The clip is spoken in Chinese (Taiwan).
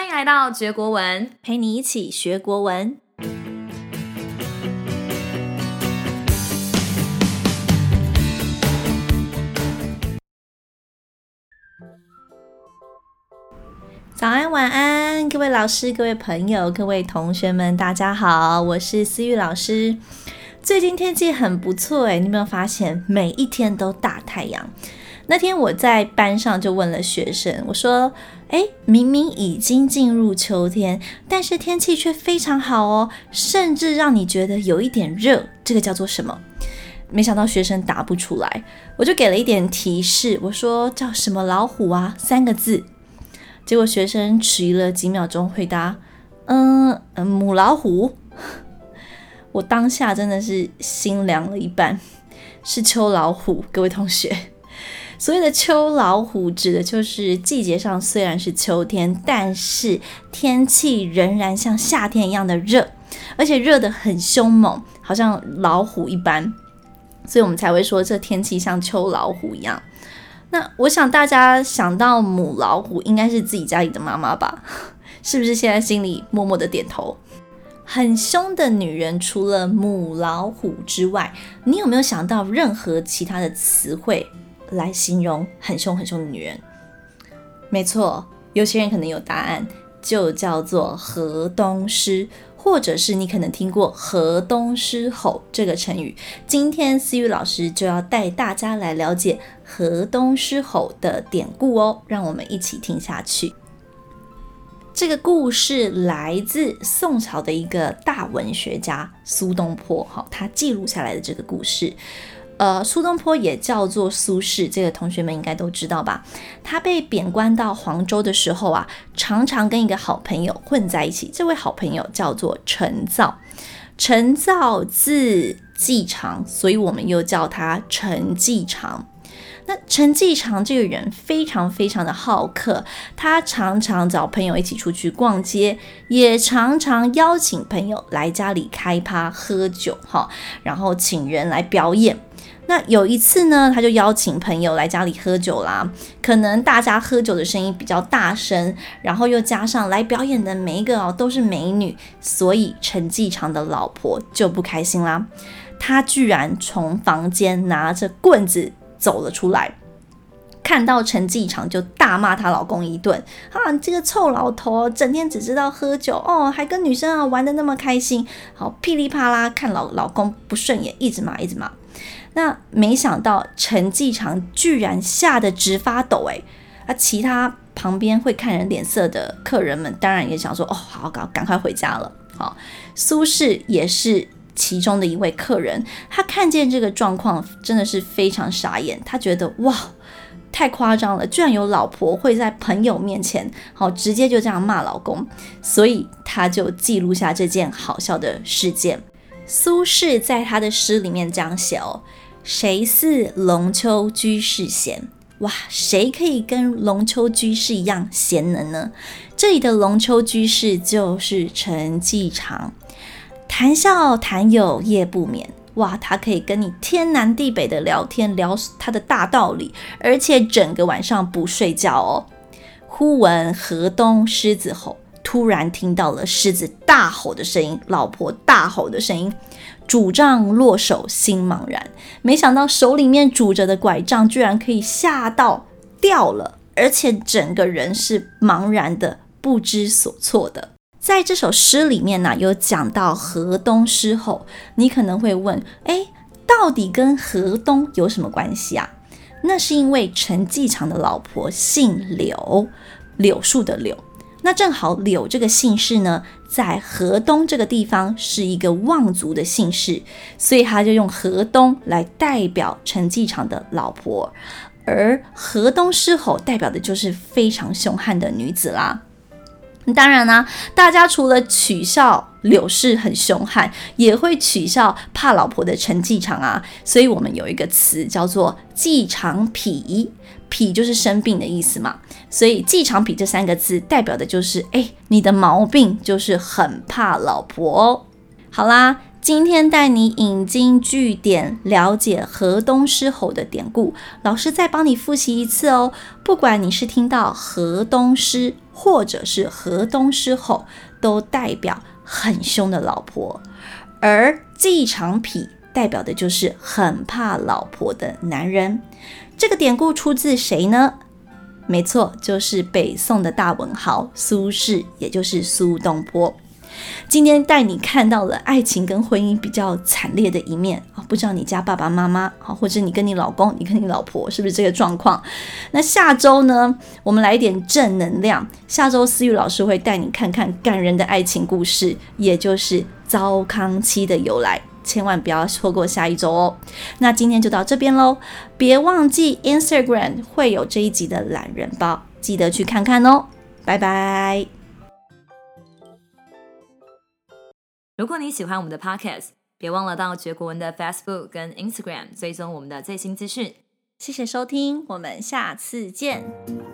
歡迎來到學國文，陪你一起學國文。早安，晚安，各位老師、各位朋友、各位同學們，大家好，我是思予老師。最近天氣很不錯誒，你有沒有發現，每一天都大太陽？那天我在班上就問了學生，我說：“哎，明明已經進入秋天，但是天氣卻非常好哦，甚至讓你覺得有一點熱，這個叫做什麼？”沒想到學生答不出來，我就給了一點提示，我說：“叫什麼老虎啊？三個字。”結果學生遲疑了幾秒鐘，回答：“嗯，母老虎。”我當下真的是心涼了一半，是秋老虎，各位同學。所謂的秋老虎，指的就是季節上雖然是秋天，但是天氣仍然像夏天一樣的熱，而且熱得很凶猛，好像老虎一般。所以我們才會說這天氣像秋老虎一樣。那我想大家想到母老虎，應該是自己家裡的媽媽吧？是不是現在心裡默默的點頭？很凶的女人，除了母老虎之外，你有沒有想到任何其他的詞彙？來形容很兇很兇的女人，沒錯，有些人可能有答案，就叫做河東獅，或者是你可能聽過“河東獅吼”這個成語。今天思予老師就要帶大家來了解“河東獅吼”的典故哦，讓我們一起聽下去。這個故事來自宋朝的一個大文學家蘇東坡，好，他記錄下來的這個故事。呃，蘇東坡也叫做蘇軾，這個同學們應該都知道吧？他被貶官到黃州的時候啊，常常跟一個好朋友混在一起。這位好朋友叫做陳慥，陳慥字季常，所以我們又叫他陳季常。那陳季常這個人非常非常的好客，他常常找朋友一起出去逛街，也常常邀請朋友來家裡開趴喝酒，哈，然後請人來表演。那有一次呢，他就邀請朋友來家裡喝酒啦，可能大家喝酒的聲音比較大聲，然後又加上來表演的每一個哦，都是美女，所以陳季常的老婆就不開心啦，她居然從房間拿着棍子，走了出來，看到陳季常就大罵她老公一頓啊！你這個臭老頭，整天只知道喝酒哦，還跟女生啊玩得那麼開心，好噼裡啪啦，看老老公不順眼，一直罵一直罵。那沒想到陳季常居然嚇得直發抖、欸，誒，啊，其他旁邊會看人臉色的客人們當然也想說，哦，好，搞趕快回家了。好，蘇軾也是。其中的一位客人，他看見這個狀況真的是非常傻眼，他覺得哇，太誇張了，居然有老婆會在朋友面前，好直接就這樣罵老公，所以他就記錄下這件好笑的事件。蘇軾在他的詩裡面這樣寫哦：“誰似龍丘居士賢？哇，誰可以跟龍丘居士一樣賢能呢？”這裡的龍丘居士就是陳季常。談笑談有夜不眠，哇，他可以跟你天南地北的聊天，聊他的大道理，而且整個晚上不睡覺哦。忽聞河東獅子吼，突然聽到了獅子大吼的聲音，老婆大吼的聲音。拄杖落手心茫然，沒想到手裡面拄着的拐杖居然可以嚇到掉了，而且整個人是茫然的、不知所措的。在這首詩裡面呢，有講到河東獅吼。你可能會問，誒，到底跟河東有什麼關係啊？那是因為陳季常的老婆姓柳，柳樹的柳，那正好柳這個姓氏呢，在河東這個地方是一個望族的姓氏，所以他就用河東來代表陳季常的老婆，而河東獅吼代表的就是非常兇悍的女子啦。當然啦、啊，大家除了取笑柳氏很兇悍，也會取笑怕老婆的陳季常啊。所以，我們有一個詞叫做“季常痞”，“痞”就是生病的意思嘛。所以，“季常痞”這三個字代表的就是，哎，你的毛病就是很怕老婆哦。好啦，今天帶你引經據典了解河東獅吼的典故。老師再幫你復習一次哦。不管你是聽到河東獅，或者是河東獅吼，都代表很兇的老婆，而季常癖，代表的就是很怕老婆的男人。這個典故出自誰呢？沒錯，就是北宋的大文豪蘇軾，也就是蘇東坡。今天帶你看到了愛情跟婚姻比較慘烈的一面。不知道你家爸爸媽媽或者你跟你老公、你跟你老婆是不是這個狀況？那下周呢，我們來一點正能量。下周思予老師會帶你看看感人的愛情故事，也就是糟糠妻的由來，千萬不要錯過下一周哦。那今天就到這邊嘍，別忘記 Instagram 會有這一集的懶人包，記得去看看哦。拜拜！如果你喜歡我們的 Podcast，別忘了到絕國文的 Facebook 跟 Instagram 追蹤我們的最新資訊。謝謝收聽，我們下次見。